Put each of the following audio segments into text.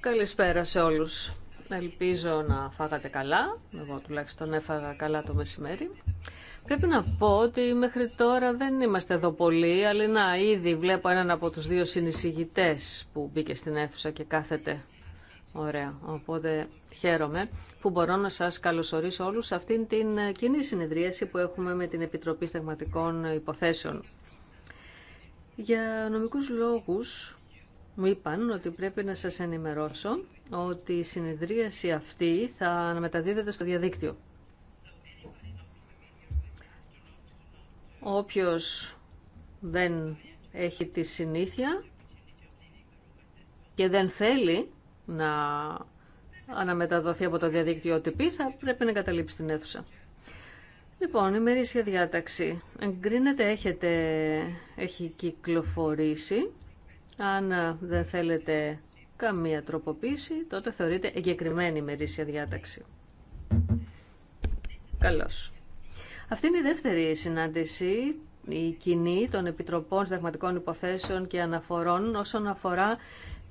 Καλησπέρα σε όλους. Ελπίζω να φάγατε καλά. Εγώ τουλάχιστον έφαγα καλά το μεσημέρι. Πρέπει να πω ότι μέχρι τώρα δεν είμαστε εδώ πολλοί, αλλά να ήδη βλέπω έναν από τους δύο συνεισηγητές που μπήκε στην αίθουσα και κάθεται. Ωραία, οπότε χαίρομαι που μπορώ να σας καλωσορίσω όλους σε αυτήν την κοινή συνεδρίαση που έχουμε με την Επιτροπή Στεγματικών Υποθέσεων. Για νομικούς λόγους μου είπαν ότι πρέπει να σας ενημερώσω ότι η συνεδρίαση αυτή θα αναμεταδίδεται στο διαδίκτυο. Όποιος δεν έχει τη συνήθεια και δεν θέλει να αναμεταδοθεί από το διαδίκτυο ότι πει θα πρέπει να καταλήψει την αίθουσα. Λοιπόν, η μερίσια διάταξη. Εγκρίνεται, έχετε, έχει κυκλοφορήσει αν ε, δεν θέλετε καμία τροποποίηση, τότε θεωρείται εγκεκριμένη μερίσια διάταξη. Καλώς. Αυτή είναι η δεύτερη συνάντηση, η κοινή των Επιτροπών Συνταγματικών Υποθέσεων και Αναφορών όσον αφορά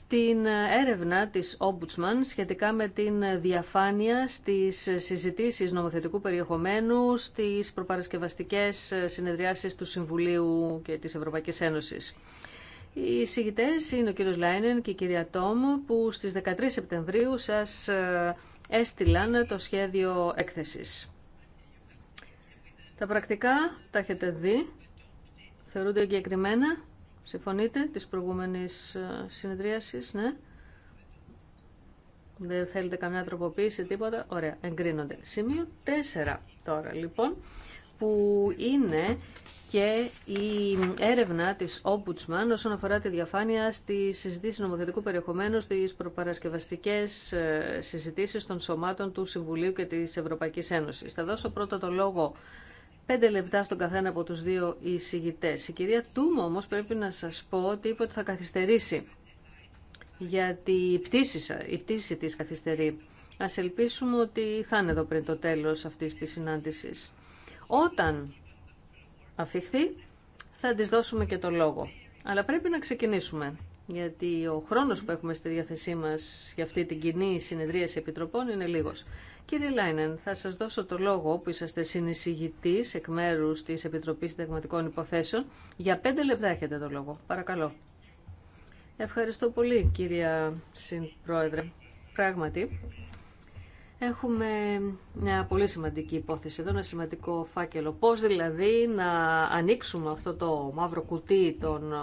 την ε, έρευνα της Ombudsman σχετικά με την ε, διαφάνεια στις συζητήσεις νομοθετικού περιεχομένου στις προπαρασκευαστικές συνεδριάσεις του Συμβουλίου και της Ευρωπαϊκής Ένωσης. Οι συγητές είναι ο κύριος Λάινεν και η κυρία Τόμ που στις 13 Σεπτεμβρίου σας ε, έστειλαν το σχέδιο έκθεσης. Τα πρακτικά τα έχετε δει, θεωρούνται εγκεκριμένα, συμφωνείτε, της προηγούμενης ε, συνεδρίασης, ναι. Δεν θέλετε καμιά τροποποίηση, τίποτα. Ωραία, εγκρίνονται. Σημείο 4 τώρα λοιπόν, που είναι και η έρευνα της Ombudsman όσον αφορά τη διαφάνεια στη συζήτηση νομοθετικού περιεχομένου στις προπαρασκευαστικές ε, συζητήσεις των σωμάτων του Συμβουλίου και της Ευρωπαϊκής Ένωσης. Θα δώσω πρώτα το λόγο πέντε λεπτά στον καθένα από τους δύο εισηγητέ. Η κυρία Τουμ όμως πρέπει να σας πω ότι είπε ότι θα καθυστερήσει γιατί η πτήση, η πτήση της καθυστερεί. Ας ελπίσουμε ότι θα είναι εδώ πριν το τέλος αυτής της συνάντησης. Όταν αφιχθεί, θα της δώσουμε και το λόγο. Αλλά πρέπει να ξεκινήσουμε, γιατί ο χρόνος που έχουμε στη διάθεσή μας για αυτή την κοινή συνεδρίαση επιτροπών είναι λίγος. Κύριε Λάινεν, θα σας δώσω το λόγο που είσαστε συνεισηγητής εκ μέρου της Επιτροπής Συνταγματικών Υποθέσεων. Για πέντε λεπτά έχετε το λόγο. Παρακαλώ. Ευχαριστώ πολύ, κυρία Συμπρόεδρε. Πράγματι, Έχουμε μια πολύ σημαντική υπόθεση εδώ, ένα σημαντικό φάκελο. Πώς δηλαδή να ανοίξουμε αυτό το μαύρο κουτί των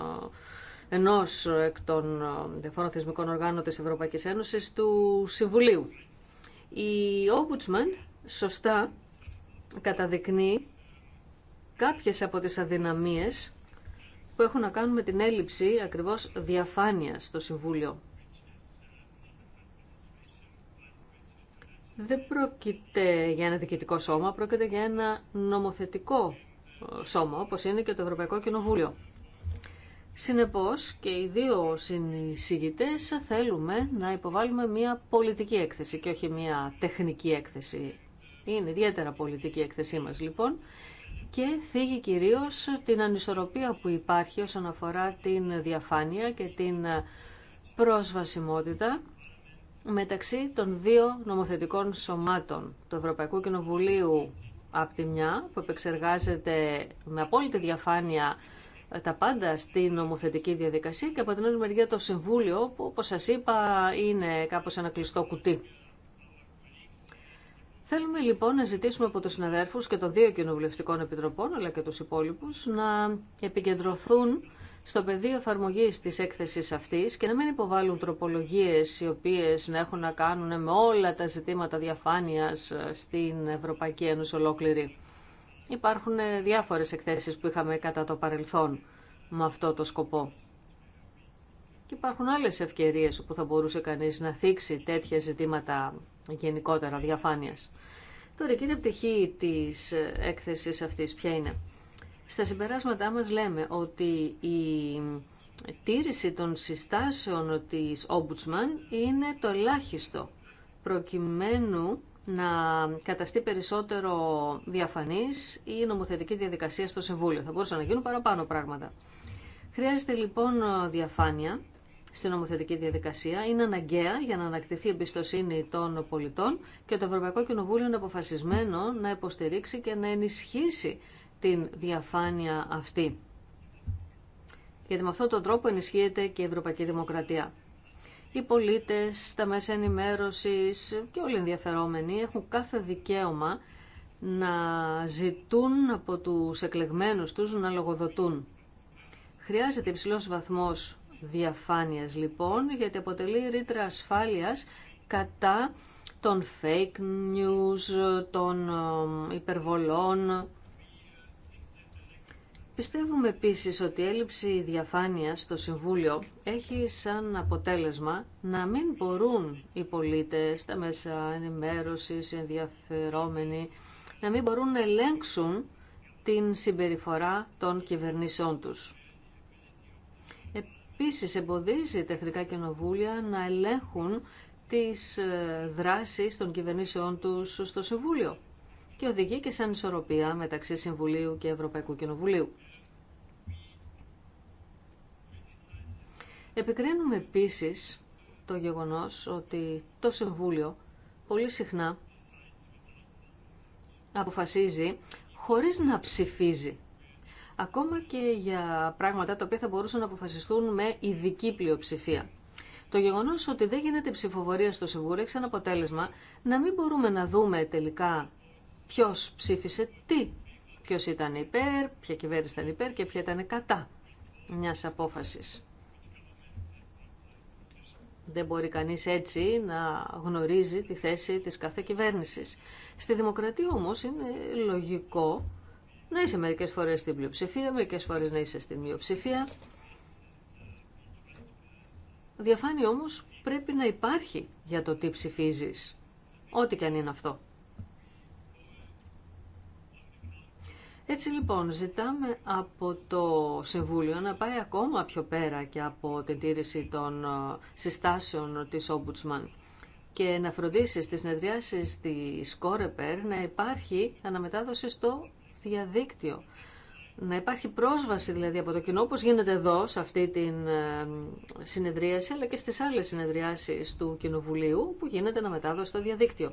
ενός εκ των διαφόρων θεσμικών οργάνων της Ευρωπαϊκής Ένωσης του Συμβουλίου. Η Ombudsman σωστά καταδεικνύει κάποιες από τις αδυναμίες που έχουν να κάνουν με την έλλειψη ακριβώς διαφάνειας στο Συμβούλιο. δεν πρόκειται για ένα διοικητικό σώμα, πρόκειται για ένα νομοθετικό ε, σώμα, όπως είναι και το Ευρωπαϊκό Κοινοβούλιο. Συνεπώς και οι δύο συνεισηγητές θέλουμε να υποβάλουμε μια πολιτική έκθεση και όχι μια τεχνική έκθεση. Είναι ιδιαίτερα πολιτική έκθεσή μας λοιπόν και θίγει κυρίως την ανισορροπία που υπάρχει όσον αφορά την διαφάνεια και την ε, προσβασιμότητα μεταξύ των δύο νομοθετικών σωμάτων, του Ευρωπαϊκού Κοινοβουλίου από τη μια, που επεξεργάζεται με απόλυτη διαφάνεια ε, τα πάντα στη νομοθετική διαδικασία και από την άλλη μεριά το Συμβούλιο, που όπως σας είπα είναι κάπως ένα κλειστό κουτί. Θέλουμε λοιπόν να ζητήσουμε από τους συναδέρφους και των δύο κοινοβουλευτικών επιτροπών, αλλά και τους υπόλοιπους, να επικεντρωθούν στο πεδίο εφαρμογή τη έκθεση αυτή και να μην υποβάλουν τροπολογίε οι οποίε να έχουν να κάνουν με όλα τα ζητήματα διαφάνεια ε, στην Ευρωπαϊκή Ένωση ολόκληρη. Υπάρχουν ε, διάφορε εκθέσει που είχαμε κατά το παρελθόν με αυτό το σκοπό. Και υπάρχουν άλλε ευκαιρίε όπου θα μπορούσε κανεί να θίξει τέτοια ζητήματα γενικότερα διαφάνεια. Τώρα, κυρία πτυχή τη ε, έκθεση αυτή, ποια είναι. Στα συμπεράσματά μας λέμε ότι η τήρηση των συστάσεων της Ombudsman είναι το ελάχιστο προκειμένου να καταστεί περισσότερο διαφανής η νομοθετική διαδικασία στο Συμβούλιο. Θα μπορούσαν να γίνουν παραπάνω πράγματα. Χρειάζεται λοιπόν διαφάνεια στην νομοθετική διαδικασία. Είναι αναγκαία για να ανακτηθεί η εμπιστοσύνη των πολιτών και το Ευρωπαϊκό Κοινοβούλιο είναι αποφασισμένο να υποστηρίξει και να ενισχύσει την διαφάνεια αυτή. Γιατί με αυτόν τον τρόπο ενισχύεται και η Ευρωπαϊκή Δημοκρατία. Οι πολίτες, τα μέσα ενημέρωσης και όλοι οι ενδιαφερόμενοι έχουν κάθε δικαίωμα να ζητούν από τους εκλεγμένους τους να λογοδοτούν. Χρειάζεται υψηλός βαθμός διαφάνειας λοιπόν, γιατί αποτελεί ρήτρα ασφάλειας κατά των fake news, των ε, υπερβολών Πιστεύουμε επίσης ότι η έλλειψη διαφάνειας στο Συμβούλιο έχει σαν αποτέλεσμα να μην μπορούν οι πολίτες, τα μέσα ενημέρωσης, οι ενδιαφερόμενοι, να μην μπορούν να ελέγξουν την συμπεριφορά των κυβερνήσεών τους. Επίσης εμποδίζει τα εθνικά κοινοβούλια να ελέγχουν τις ε, δράσεις των κυβερνήσεών τους στο Συμβούλιο και οδηγεί και σαν ισορροπία μεταξύ Συμβουλίου και Ευρωπαϊκού Κοινοβουλίου. Επικρίνουμε επίσης το γεγονός ότι το Συμβούλιο πολύ συχνά αποφασίζει χωρίς να ψηφίζει. Ακόμα και για πράγματα τα οποία θα μπορούσαν να αποφασιστούν με ειδική πλειοψηφία. Το γεγονό ότι δεν γίνεται ψηφοφορία στο Συμβούλιο έχει σαν αποτέλεσμα να μην μπορούμε να δούμε τελικά ποιο ψήφισε τι. Ποιο ήταν υπέρ, ποια κυβέρνηση ήταν υπέρ και ποια ήταν κατά μια απόφαση. Δεν μπορεί κανείς έτσι να γνωρίζει τη θέση της κάθε κυβέρνησης. Στη δημοκρατία όμως είναι λογικό να είσαι μερικές φορές στην πλειοψηφία, μερικές φορές να είσαι στην μειοψηφία. Διαφάνεια όμως πρέπει να υπάρχει για το τι ψηφίζεις, ό,τι και αν είναι αυτό. Έτσι λοιπόν ζητάμε από το Συμβούλιο να πάει ακόμα πιο πέρα και από την τήρηση των ε, συστάσεων της Ομπουτσμαν και να φροντίσει στις συνεδριάσεις της Κόρεπερ να υπάρχει αναμετάδοση στο διαδίκτυο. Να υπάρχει πρόσβαση δηλαδή από το κοινό, όπως γίνεται εδώ σε αυτή την ε, συνεδρίαση, αλλά και στις άλλες συνεδριάσεις του Κοινοβουλίου που γίνεται αναμετάδοση στο διαδίκτυο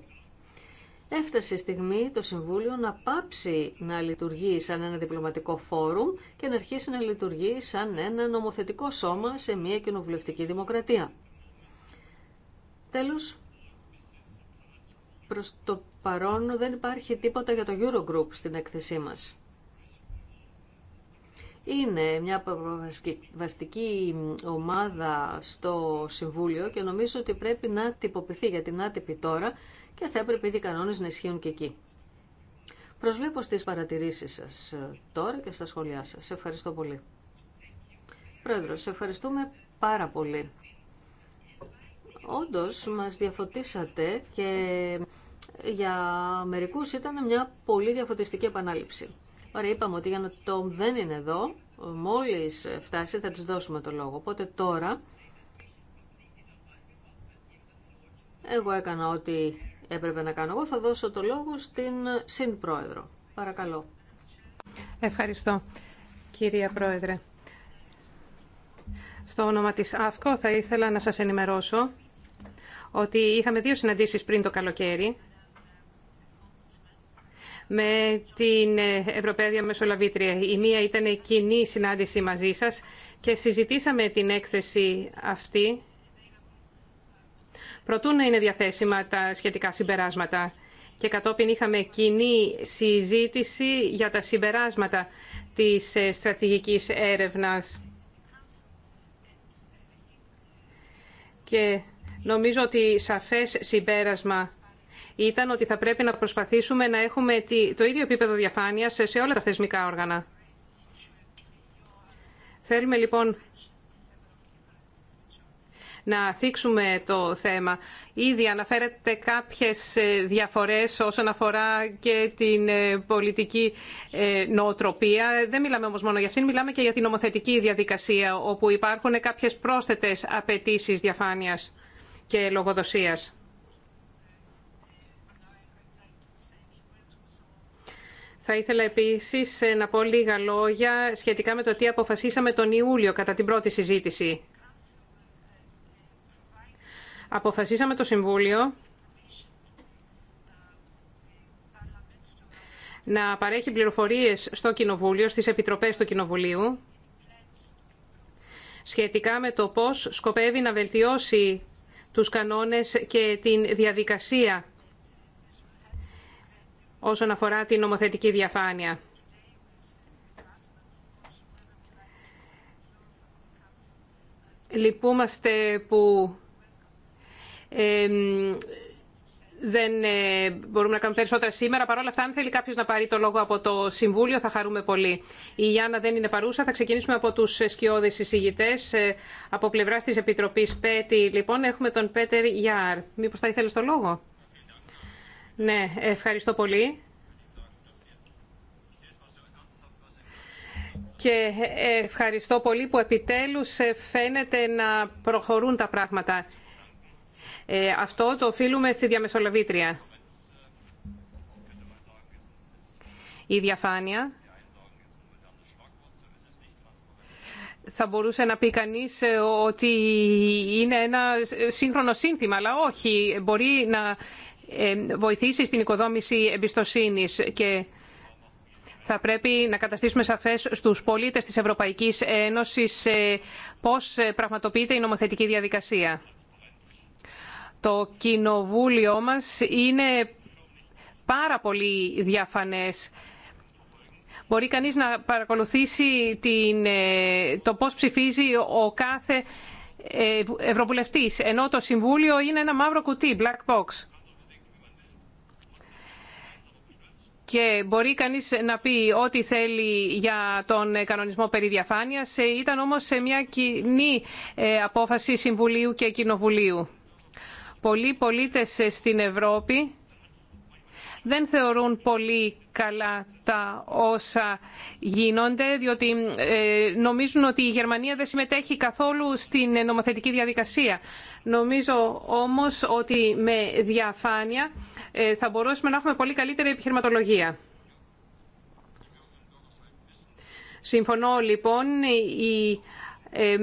έφτασε η στιγμή το Συμβούλιο να πάψει να λειτουργεί σαν ένα διπλωματικό φόρουμ και να αρχίσει να λειτουργεί σαν ένα νομοθετικό σώμα σε μια κοινοβουλευτική δημοκρατία. Τέλος, προς το παρόν δεν υπάρχει τίποτα για το Eurogroup στην έκθεσή μας. Είναι μια βαστική ομάδα στο Συμβούλιο και νομίζω ότι πρέπει να τυποποιηθεί, για την άτυπη τώρα και θα έπρεπε οι κανόνες να ισχύουν και εκεί. Προσβλέπω στις παρατηρήσεις σας ε, τώρα και στα σχόλιά σας. Σε ευχαριστώ πολύ. Πρόεδρο, σε ευχαριστούμε πάρα πολύ. Όντως, μας διαφωτίσατε και για μερικούς ήταν μια πολύ διαφωτιστική επανάληψη. Ωραία, είπαμε ότι για να το δεν είναι εδώ, μόλις φτάσει θα της δώσουμε το λόγο. Οπότε τώρα, εγώ έκανα ό,τι έπρεπε να κάνω εγώ. Θα δώσω το λόγο στην Συνπρόεδρο. Παρακαλώ. Ευχαριστώ, κυρία Πρόεδρε. Στο όνομα της ΑΦΚΟ θα ήθελα να σας ενημερώσω ότι είχαμε δύο συναντήσεις πριν το καλοκαίρι με την Ευρωπαία Μεσολαβήτρια. Η μία ήταν κοινή συνάντηση μαζί σας και συζητήσαμε την έκθεση αυτή προτού να είναι διαθέσιμα τα σχετικά συμπεράσματα. Και κατόπιν είχαμε κοινή συζήτηση για τα συμπεράσματα της ε, στρατηγικής έρευνας. Και νομίζω ότι σαφές συμπέρασμα ήταν ότι θα πρέπει να προσπαθήσουμε να έχουμε το ίδιο επίπεδο διαφάνειας σε όλα τα θεσμικά όργανα. Θέλουμε λοιπόν να θίξουμε το θέμα. Ήδη αναφέρετε κάποιες ε, διαφορές όσον αφορά και την ε, πολιτική ε, νοοτροπία. Δεν μιλάμε όμως μόνο για αυτήν, μιλάμε και για την νομοθετική διαδικασία, όπου υπάρχουν κάποιες πρόσθετες απαιτήσει διαφάνειας και λογοδοσίας. Θα ήθελα επίσης να πω λίγα λόγια σχετικά με το τι αποφασίσαμε τον Ιούλιο κατά την πρώτη συζήτηση αποφασίσαμε το Συμβούλιο να παρέχει πληροφορίες στο Κοινοβούλιο, στις επιτροπές του Κοινοβουλίου, σχετικά με το πώς σκοπεύει να βελτιώσει τους κανόνες και την διαδικασία όσον αφορά την νομοθετική διαφάνεια. Λυπούμαστε που δεν ε, μπορούμε να κάνουμε περισσότερα σήμερα. Παρ' όλα αυτά, αν θέλει κάποιο να πάρει το λόγο από το Συμβούλιο, θα χαρούμε πολύ. Η Γιάννα δεν είναι παρούσα. Θα ξεκινήσουμε από του σκιώδει εισηγητέ. Ε, από πλευρά τη Επιτροπή ΠΕΤΗ, λοιπόν, έχουμε τον Πέτερ Γιάρ. Μήπω θα ήθελε το λόγο. Ναι, ευχαριστώ πολύ. Και ευχαριστώ πολύ που επιτέλους ε, φαίνεται να προχωρούν τα πράγματα. Ε, αυτό το οφείλουμε στη διαμεσολαβήτρια. Η διαφάνεια θα μπορούσε να πει κανείς ε, ότι είναι ένα σύγχρονο σύνθημα, αλλά όχι, μπορεί να ε, βοηθήσει στην οικοδόμηση εμπιστοσύνης και θα πρέπει να καταστήσουμε σαφές στους πολίτες της Ευρωπαϊκής Ένωσης πώς πραγματοποιείται η νομοθετική διαδικασία. Το κοινοβούλιο μας είναι πάρα πολύ διαφανές. Μπορεί κανείς να παρακολουθήσει την, ε, το πώς ψηφίζει ο κάθε ε, ευρωβουλευτής, ενώ το Συμβούλιο είναι ένα μαύρο κουτί, black box. Και μπορεί κανείς να πει ό,τι θέλει για τον κανονισμό περί διαφάνειας. Ε, ήταν όμως σε μια κοινή απόφαση Συμβουλίου και Κοινοβουλίου. Πολλοί πολίτες στην Ευρώπη δεν θεωρούν πολύ καλά τα όσα γίνονται, διότι ε, νομίζουν ότι η Γερμανία δεν συμμετέχει καθόλου στην νομοθετική διαδικασία. Νομίζω όμως ότι με διαφάνεια ε, θα μπορούσαμε να έχουμε πολύ καλύτερη επιχειρηματολογία. Συμφωνώ λοιπόν, η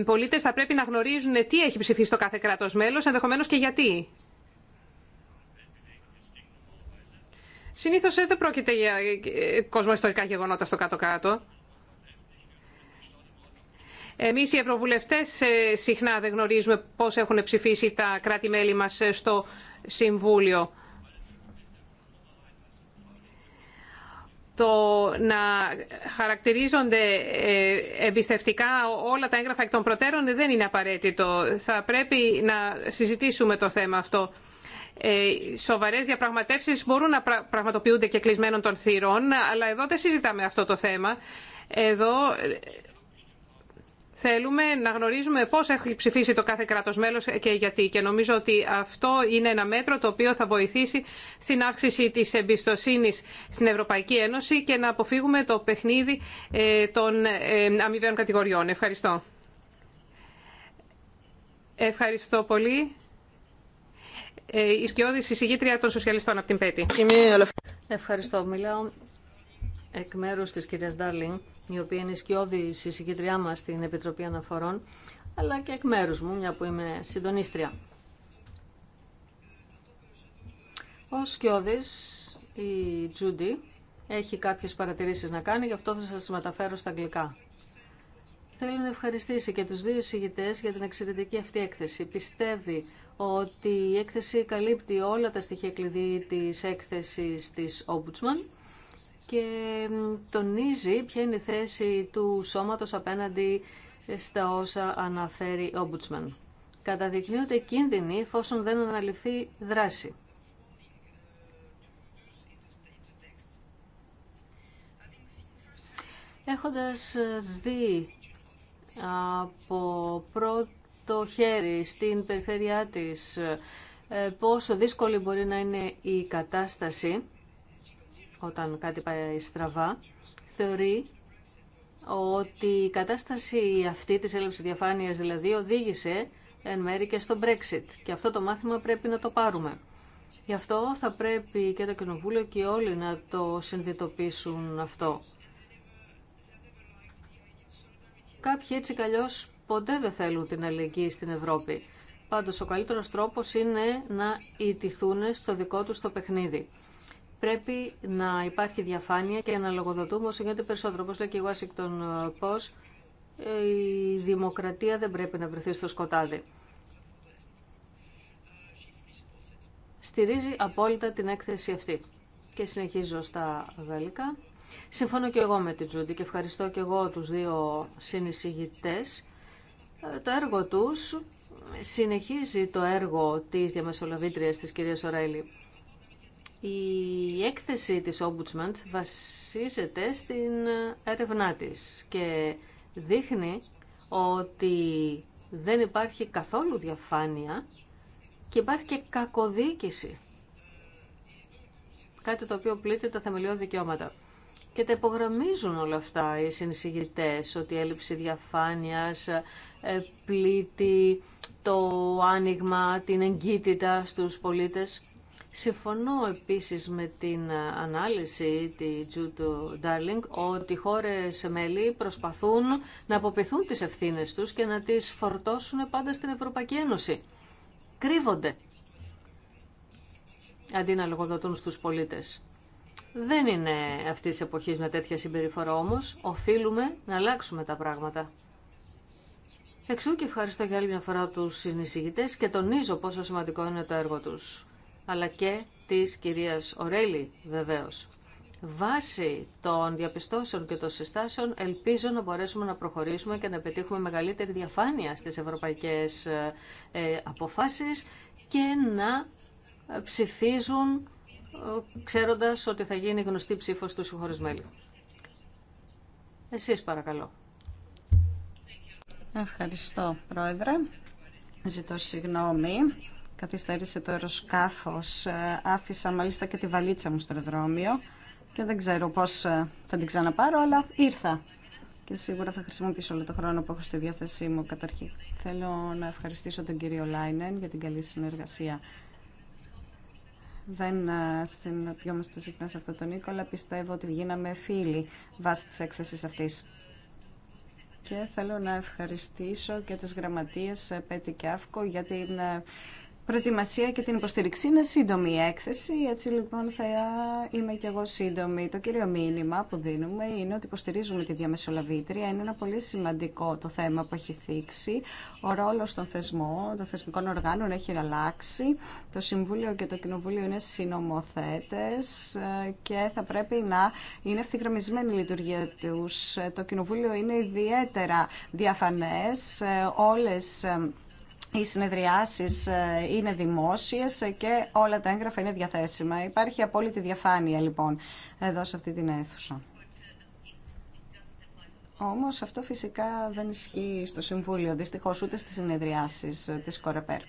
πολίτες θα πρέπει να γνωρίζουν τι έχει ψηφίσει το κάθε κράτος μέλος, ενδεχομένως και γιατί. Συνήθως δεν πρόκειται για ε, ε, κοσμοϊστορικά γεγονότα στο κάτω-κάτω. Εμεί, οι ευρωβουλευτές ε, συχνά δεν γνωρίζουμε πώς έχουν ψηφίσει τα κράτη-μέλη μας στο Συμβούλιο. το να χαρακτηρίζονται ε, εμπιστευτικά όλα τα έγγραφα εκ των προτέρων δεν είναι απαραίτητο. Θα πρέπει να συζητήσουμε το θέμα αυτό. Ε, σοβαρές διαπραγματεύσεις μπορούν να πραγματοποιούνται και κλεισμένων των θύρων, αλλά εδώ δεν συζητάμε αυτό το θέμα. Εδώ Θέλουμε να γνωρίζουμε πώς έχει ψηφίσει το κάθε κράτος μέλος και γιατί. Και νομίζω ότι αυτό είναι ένα μέτρο το οποίο θα βοηθήσει στην αύξηση της εμπιστοσύνης στην Ευρωπαϊκή Ένωση και να αποφύγουμε το παιχνίδι ε, των ε, αμοιβαίων κατηγοριών. Ευχαριστώ. Ευχαριστώ πολύ. Ε, η σκιώδη συζητήτρια των Σοσιαλιστών από την ΠΕΤΗ. Ευχαριστώ. Μιλάω εκ μέρου τη κύρια Ντάρλινγκ, η οποία είναι σκιώδη συζητητριά μα στην Επιτροπή Αναφορών, αλλά και εκ μέρου μου, μια που είμαι συντονίστρια. Ο σκιώδη, η Τζούντι, έχει κάποιε παρατηρήσει να κάνει, γι' αυτό θα σας μεταφέρω στα αγγλικά. Θέλω να ευχαριστήσει και τους δύο συζητητέ για την εξαιρετική αυτή έκθεση. Πιστεύει ότι η έκθεση καλύπτει όλα τα στοιχεία κλειδί της έκθεσης της Ombudsman και τονίζει ποια είναι η θέση του σώματος απέναντι στα όσα αναφέρει ο Ombudsman. Καταδεικνύονται κίνδυνοι εφόσον δεν αναλυφθεί δράση. Έχοντας ε, δει από πρώτο χέρι στην περιφέρειά της ε, πόσο δύσκολη μπορεί να είναι η κατάσταση, όταν κάτι πάει στραβά, θεωρεί ότι η κατάσταση αυτή της έλλειψης διαφάνειας δηλαδή οδήγησε εν μέρη και στο Brexit. Και αυτό το μάθημα πρέπει να το πάρουμε. Γι' αυτό θα πρέπει και το Κοινοβούλιο και όλοι να το συνειδητοποιήσουν αυτό. Κάποιοι έτσι καλλιώς ποτέ δεν θέλουν την αλληλεγγύη στην Ευρώπη. Πάντως ο καλύτερος τρόπος είναι να ιτηθούν στο δικό τους το παιχνίδι πρέπει να υπάρχει διαφάνεια και να λογοδοτούμε όσο γίνεται περισσότερο. Όπω λέει και η Washington Post, η δημοκρατία δεν πρέπει να βρεθεί στο σκοτάδι. Στηρίζει απόλυτα την έκθεση αυτή. Και συνεχίζω στα γαλλικά. Συμφωνώ και εγώ με την Τζούντι και ευχαριστώ και εγώ τους δύο συνεισηγητές. Το έργο τους συνεχίζει το έργο της διαμεσολαβήτριας της κυρίας Ωραίλη. Η έκθεση της Ombudsman βασίζεται στην έρευνά της και δείχνει ότι δεν υπάρχει καθόλου διαφάνεια και υπάρχει και κακοδίκηση. Κάτι το οποίο πλήττει τα θεμελιώδη δικαιώματα. Και τα υπογραμμίζουν όλα αυτά οι συνεισηγητές, ότι η έλλειψη διαφάνειας ε, πλήττει το άνοιγμα, την εγκύτητα στους πολίτες. Συμφωνώ επίσης με την ανάλυση τη Τζούτου Ντάρλινγκ ότι οι χώρες μέλη προσπαθούν να αποποιηθούν τις ευθύνες τους και να τις φορτώσουν πάντα στην Ευρωπαϊκή Ένωση. Κρύβονται αντί να λογοδοτούν στους πολίτες. Δεν είναι αυτής της εποχής με τέτοια συμπεριφορά όμως. Οφείλουμε να αλλάξουμε τα πράγματα. Εξού και ευχαριστώ για άλλη μια φορά τους συνεισηγητές και τονίζω πόσο σημαντικό είναι το έργο τους αλλά και της κυρίας Ορέλη βεβαίως. Βάσει των διαπιστώσεων και των συστάσεων ελπίζω να μπορέσουμε να προχωρήσουμε και να πετύχουμε μεγαλύτερη διαφάνεια στις ευρωπαϊκές ε, ε, αποφάσεις και να ψηφίζουν ε, ξέροντας ότι θα γίνει γνωστή ψήφος του συγχωρισμένου. Εσείς παρακαλώ. Ευχαριστώ, Πρόεδρε. Ζητώ συγγνώμη καθυστέρησε το αεροσκάφος. Ε, Άφησα μάλιστα και τη βαλίτσα μου στο αεροδρόμιο και δεν ξέρω πώς ε, θα την ξαναπάρω, αλλά ήρθα. Και σίγουρα θα χρησιμοποιήσω όλο το χρόνο που έχω στη διάθεσή μου καταρχήν. Θέλω να ευχαριστήσω τον κύριο Λάινεν για την καλή συνεργασία. Δεν ε, συναντιόμαστε συχνά σε αυτόν τον Νίκο, αλλά πιστεύω ότι γίναμε φίλοι βάσει τη έκθεση αυτή. Και θέλω να ευχαριστήσω και τις γραμματείες Πέτη και Αύκο για την προετοιμασία και την υποστήριξη είναι σύντομη η έκθεση, έτσι λοιπόν θα είμαι και εγώ σύντομη. Το κύριο μήνυμα που δίνουμε είναι ότι υποστηρίζουμε τη διαμεσολαβήτρια. Είναι ένα πολύ σημαντικό το θέμα που έχει θίξει. Ο ρόλο των θεσμών, των θεσμικών οργάνων έχει αλλάξει. Το Συμβούλιο και το Κοινοβούλιο είναι συνομοθέτε ε, και θα πρέπει να είναι ευθυγραμμισμένη η λειτουργία του. Ε, το Κοινοβούλιο είναι ιδιαίτερα διαφανέ. Ε, Όλε οι συνεδριάσεις ε, είναι δημόσιες και όλα τα έγγραφα είναι διαθέσιμα. Υπάρχει απόλυτη διαφάνεια λοιπόν εδώ σε αυτή την αίθουσα. Όμως αυτό φυσικά δεν ισχύει στο Συμβούλιο, δυστυχώς ούτε στις συνεδριάσεις ε, της Κορεπέρ.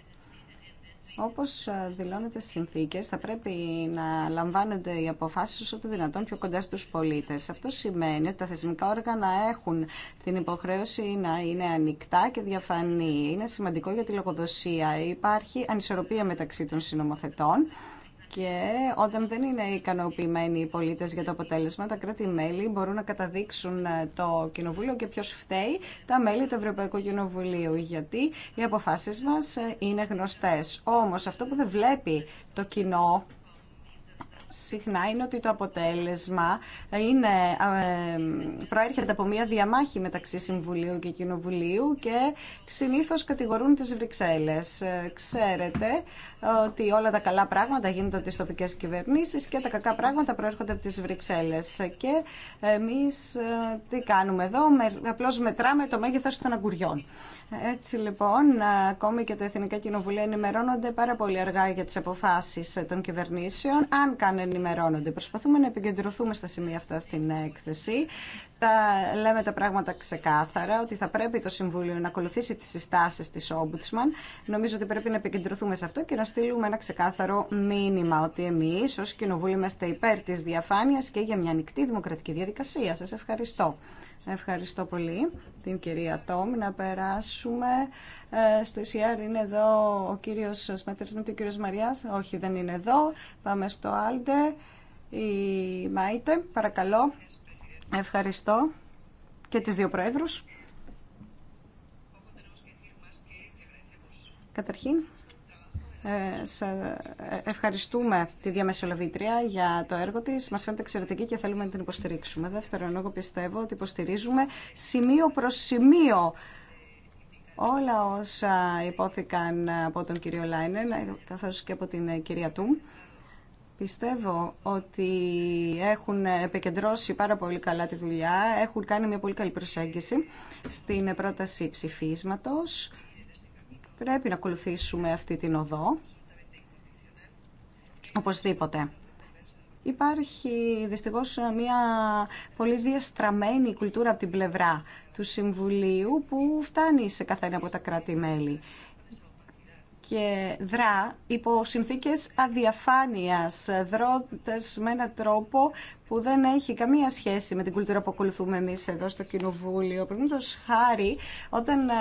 Όπως ε, δηλώνεται στις συνθήκες, θα πρέπει να λαμβάνονται οι αποφάσεις όσο το δυνατόν πιο κοντά στους πολίτες. Αυτό σημαίνει ότι τα θεσμικά όργανα έχουν την υποχρέωση να είναι ανοιχτά και διαφανή. Είναι σημαντικό για τη λογοδοσία. Υπάρχει ανισορροπία μεταξύ των συνομοθετών και όταν δεν είναι ικανοποιημένοι οι πολίτε για το αποτέλεσμα, τα κράτη-μέλη μπορούν να καταδείξουν ε, το Κοινοβούλιο και ποιο φταίει, τα μέλη του Ευρωπαϊκού Κοινοβουλίου. Γιατί οι αποφάσει μα ε, είναι γνωστέ. Όμω αυτό που δεν βλέπει το κοινό συχνά είναι ότι το αποτέλεσμα είναι, ε, προέρχεται από μια διαμάχη μεταξύ Συμβουλίου και Κοινοβουλίου και συνήθως κατηγορούν τις Βρυξέλλες. Ξέρετε ότι όλα τα καλά πράγματα γίνονται από τις τοπικές κυβερνήσεις και τα κακά πράγματα προέρχονται από τις Βρυξέλλες. Και εμεί ε, τι κάνουμε εδώ, απλώ μετράμε το μέγεθο των αγκουριών. Έτσι λοιπόν, ακόμη και τα Εθνικά Κοινοβουλία ενημερώνονται πάρα πολύ αργά για τις αποφάσει των κυβερνήσεων, αν καν ενημερώνονται. Προσπαθούμε να επικεντρωθούμε στα σημεία αυτά στην έκθεση τα λέμε τα πράγματα ξεκάθαρα, ότι θα πρέπει το Συμβούλιο να ακολουθήσει τις συστάσεις της Ombudsman. Νομίζω ότι πρέπει να επικεντρωθούμε σε αυτό και να στείλουμε ένα ξεκάθαρο μήνυμα ότι εμείς ως Κοινοβούλιο είμαστε υπέρ της διαφάνειας και για μια ανοιχτή δημοκρατική διαδικασία. Σας ευχαριστώ. Ευχαριστώ πολύ την κυρία Τόμ. Να περάσουμε ε, στο ECR. Είναι εδώ ο κύριος Σμέτερς, είναι ο κύριο Μαριάς. Όχι, δεν είναι εδώ. Πάμε στο Άλντε. Η Μάιτε, παρακαλώ. Ευχαριστώ και τις δύο Προέδρους. Καταρχήν, ε, ε, ευχαριστούμε τη διαμεσολαβήτρια για το έργο της. Μας φαίνεται εξαιρετική και θέλουμε να την υποστηρίξουμε. Δεύτερον, εγώ πιστεύω ότι υποστηρίζουμε σημείο προς σημείο όλα όσα υπόθηκαν από τον κύριο Λάινεν, καθώς και από την κυρία Τούμ. Πιστεύω ότι έχουν επικεντρώσει πάρα πολύ καλά τη δουλειά, έχουν κάνει μια πολύ καλή προσέγγιση στην πρόταση ψηφίσματος. Πρέπει να ακολουθήσουμε αυτή την οδό, οπωσδήποτε. Υπάρχει δυστυχώς μια πολύ διαστραμμένη κουλτούρα από την πλευρά του Συμβουλίου που φτάνει σε καθένα από τα κράτη-μέλη και δρά υπό συνθήκες αδιαφάνειας, δρώντας με έναν τρόπο που δεν έχει καμία σχέση με την κουλτούρα που ακολουθούμε εμείς εδώ στο Κοινοβούλιο. Παραδείγματο χάρη, όταν ε,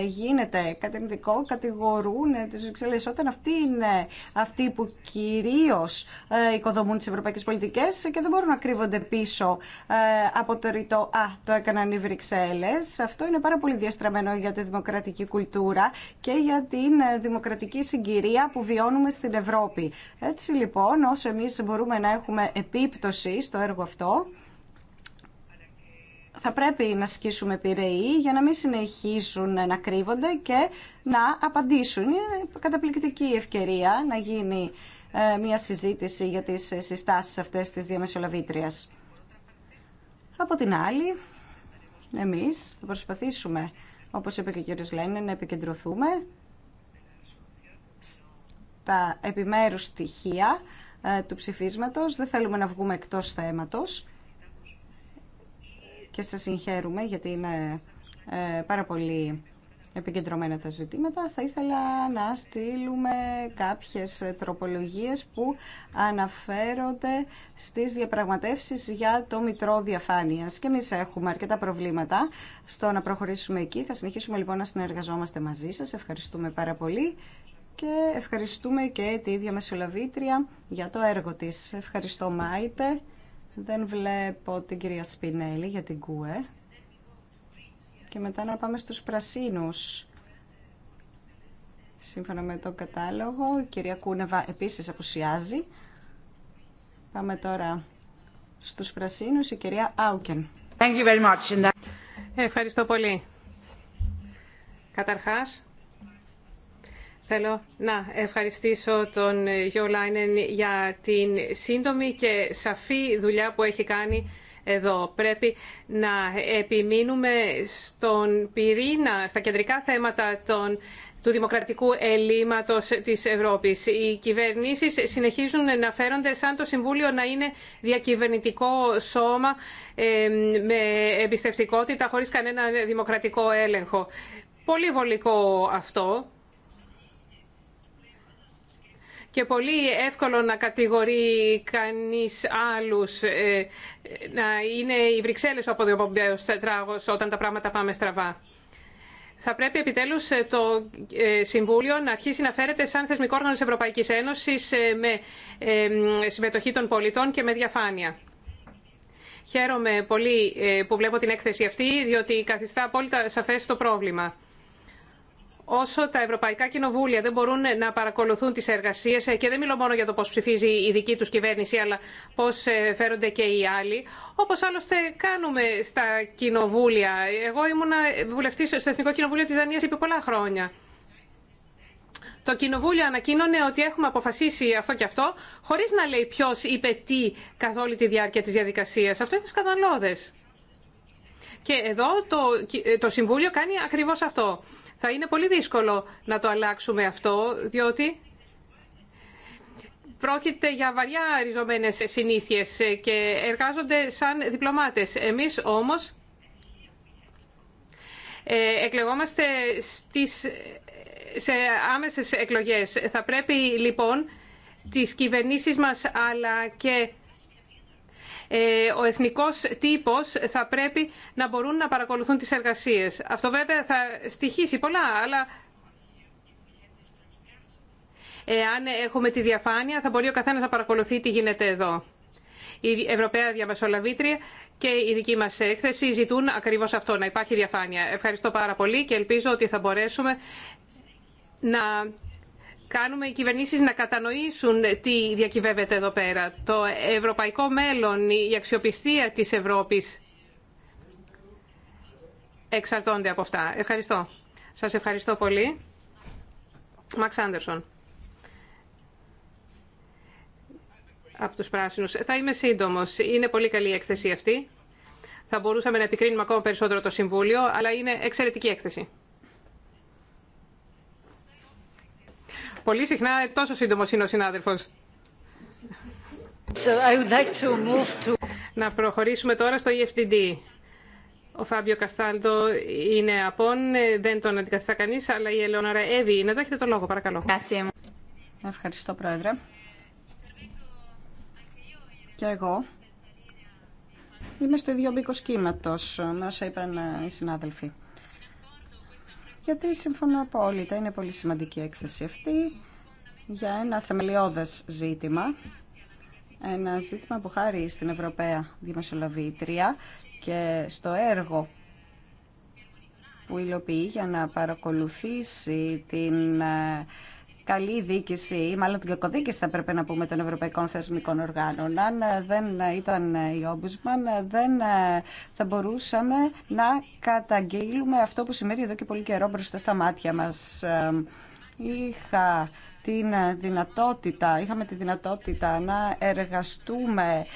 ε, γίνεται κατευθυντικό, κατηγορούν τι Βρυξέλλες, όταν αυτοί είναι αυτοί που κυρίω ε, οικοδομούν τι ευρωπαϊκέ πολιτικέ και δεν μπορούν να κρύβονται πίσω ε, από το ρητό «Α, το έκαναν οι Βρυξέλλες». Αυτό είναι πάρα πολύ διαστραμμένο για τη δημοκρατική κουλτούρα και για την ε, δημοκρατική συγκυρία που βιώνουμε στην Ευρώπη. Έτσι λοιπόν, όσο εμεί μπορούμε να έχουμε επίπτωση στο έργο αυτό. Θα πρέπει να σκίσουμε πυραιοί για να μην συνεχίσουν να κρύβονται και να απαντήσουν. Είναι καταπληκτική ευκαιρία να γίνει ε, μια συζήτηση για τις συστάσεις αυτές της διαμεσολαβήτριας. Από την άλλη, εμείς θα προσπαθήσουμε, όπως είπε και ο κ. Λένε, να επικεντρωθούμε στα επιμέρους στοιχεία ε, του ψηφίσματος. Δεν θέλουμε να βγούμε εκτός θέματος και σας συγχαίρουμε γιατί είναι ε, πάρα πολύ επικεντρωμένα τα ζητήματα. Θα ήθελα να στείλουμε κάποιες τροπολογίες που αναφέρονται στις διαπραγματεύσεις για το Μητρό Διαφάνειας. Και εμείς έχουμε αρκετά προβλήματα στο να προχωρήσουμε εκεί. Θα συνεχίσουμε λοιπόν να συνεργαζόμαστε μαζί σας. Ευχαριστούμε πάρα πολύ και ευχαριστούμε και τη ίδια Μεσολαβήτρια για το έργο της. Ευχαριστώ Μάιτε. Δεν βλέπω την κυρία Σπινέλη για την ΚΟΕ. Και μετά να πάμε στους πρασίνους. Σύμφωνα με τον κατάλογο, η κυρία Κούνεβα επίσης απουσιάζει. Πάμε τώρα στους πρασίνους, η κυρία Άουκεν. Ευχαριστώ πολύ. Καταρχάς, Θέλω να ευχαριστήσω τον Γιώ Λάινεν για την σύντομη και σαφή δουλειά που έχει κάνει εδώ. Πρέπει να επιμείνουμε στον πυρήνα, στα κεντρικά θέματα των του δημοκρατικού ελλείμματος της Ευρώπης. Οι κυβερνήσεις συνεχίζουν να φέρονται σαν το Συμβούλιο να είναι διακυβερνητικό σώμα με εμπιστευτικότητα χωρίς κανένα δημοκρατικό έλεγχο. Πολύ βολικό αυτό και πολύ εύκολο να κατηγορεί κανείς άλλους ε, να είναι οι Βρυξέλλες ο αποδιοπομπέος τετράγο όταν τα πράγματα πάμε στραβά. Θα πρέπει επιτέλους ε, το ε, Συμβούλιο να αρχίσει να φέρεται σαν θεσμικό όργανο της Ευρωπαϊκής Ένωσης με συμμετοχή των πολιτών και με διαφάνεια. Χαίρομαι πολύ που βλέπω την έκθεση αυτή, διότι καθιστά απόλυτα σαφές το πρόβλημα όσο τα ευρωπαϊκά κοινοβούλια δεν μπορούν να παρακολουθούν τι εργασίε ε, και δεν μιλώ μόνο για το πώ ψηφίζει η δική του κυβέρνηση αλλά πώ ε, φέρονται και οι άλλοι Όπω άλλωστε κάνουμε στα κοινοβούλια. Εγώ ήμουν βουλευτή στο Εθνικό Κοινοβούλιο τη Δανία επί πολλά χρόνια. Το Κοινοβούλιο ανακοίνωνε ότι έχουμε αποφασίσει αυτό και αυτό, χωρί να λέει ποιο είπε τι καθ' όλη τη διάρκεια τη διαδικασία. Αυτό είναι σκανδαλώδε. Και εδώ το Συμβούλιο κάνει ακριβώ αυτό. Θα είναι πολύ δύσκολο να το αλλάξουμε αυτό, διότι πρόκειται για βαριά ριζωμένες συνήθειες και εργάζονται σαν διπλωμάτες. Εμείς όμως ε, εκλεγόμαστε στις, σε άμεσες εκλογές. Θα πρέπει λοιπόν τις κυβερνήσεις μας αλλά και ε, ο εθνικός τύπος θα πρέπει να μπορούν να παρακολουθούν τις εργασίες. Αυτό βέβαια θα στοιχήσει πολλά, αλλά εάν έχουμε τη διαφάνεια θα μπορεί ο καθένας να παρακολουθεί τι γίνεται εδώ. Η Ευρωπαία Διαμεσολαβήτρια και η δική μας έκθεση ζητούν ακριβώς αυτό, να υπάρχει διαφάνεια. Ευχαριστώ πάρα πολύ και ελπίζω ότι θα μπορέσουμε να κάνουμε οι κυβερνήσει να κατανοήσουν τι διακυβεύεται εδώ πέρα. Το ευρωπαϊκό μέλλον, η αξιοπιστία της Ευρώπης εξαρτώνται από αυτά. Ευχαριστώ. Σας ευχαριστώ πολύ. Μαξ Άντερσον. Από τους πράσινους. Θα είμαι σύντομος. Είναι πολύ καλή η έκθεση αυτή. Θα μπορούσαμε να επικρίνουμε ακόμα περισσότερο το Συμβούλιο, αλλά είναι εξαιρετική έκθεση. Πολύ συχνά τόσο σύντομο είναι ο συνάδελφο. like to Να προχωρήσουμε τώρα στο EFTD. Ο Φάμπιο Καστάλτο είναι απόν, ε, δεν τον αντικαθιστά κανεί, αλλά η Ελεονόρα Εύη είναι εδώ. Έχετε το λόγο, παρακαλώ. Ευχαριστώ, Πρόεδρε. Και εγώ είμαι στο ίδιο μήκο κύματο, με όσα είπαν ε, οι συνάδελφοι γιατί συμφωνώ απόλυτα. Είναι πολύ σημαντική η έκθεση αυτή για ένα θεμελιώδες ζήτημα. Ένα ζήτημα που χάρη στην Ευρωπαία Δημοσιολαβήτρια και στο έργο που υλοποιεί για να παρακολουθήσει την ε, καλή δίκηση ή μάλλον την κακοδίκηση θα πρέπει να πούμε των ευρωπαϊκών θεσμικών οργάνων. Αν ε, δεν ε, ήταν ε, η Ombudsman δεν θα μπορούσαμε να καταγγείλουμε αυτό που σημαίνει εδώ και πολύ καιρό μπροστά στα μάτια μας. Είχα την δυνατότητα, είχαμε τη δυνατότητα να εργαστούμε